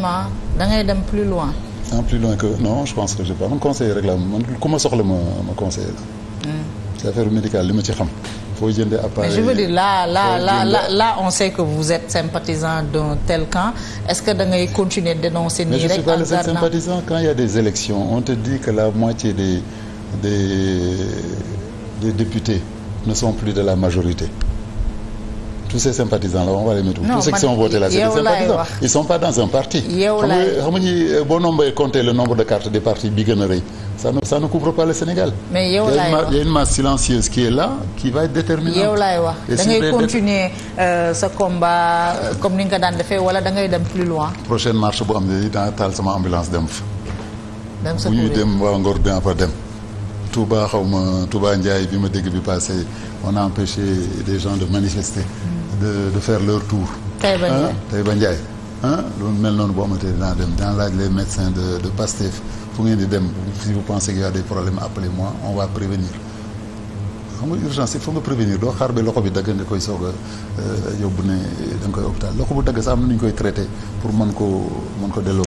ma da ngay dem plus loin. ah plus loin que non je pense que j'ai pas man conseiller rek laa man ku ma soxla ma ma la. Hmm. c'est affaire médicale li ma ci xam. foo jëndee appareil la veux dire là là on sait que vous êtes sympathisant d'un tel camp est-ce que da ngay continuer de dénoncer. nii rek en mais je suis pas le seul sympathisant quand il y des élections on te dit que la moitié des des des députés ne sont plus de la majorité. tous ces sympathisants là on va les mettre tous ceux qui ont voté pas dans un parti yow laay wax xam nga euh, boo nombee compter le nombre de cartes des partis bi gën a rëy ça ne ça ne couvre pas la Sénégal mais yow laay wax il y a une masse silencieuse qui est là qui va être déterminante yow laay wax da continuer euh, sa combat euh, comme ni nga ko daan defee wala da ngay dem plus loin prochaine marche bu am ne dana taal sama ambulance dem fa bu ñuy dem waa Ngor dina fa dem Touba xaw ma Touba Ndiaye bi ma dégg bi passé on a des gens de manifester mm. de de faire leur tour. Taïba Ndiaye Taïba Ndiaye ah loolu mel noonu boo amatee dinaa dem dinaa laaj les médecins de de Pastef fu ngeen di dem si vous pensez qu'il y a des problèmes appelez-moi on va prévenir xam nga urgence il faut nga prévenir doo xaar ba loxo bi dagg nga koy soog a euh, yóbbu ne da nga koy hôpital loxo bu dagg sax am na nu ñu koy traité pour man ko mën ko delloo.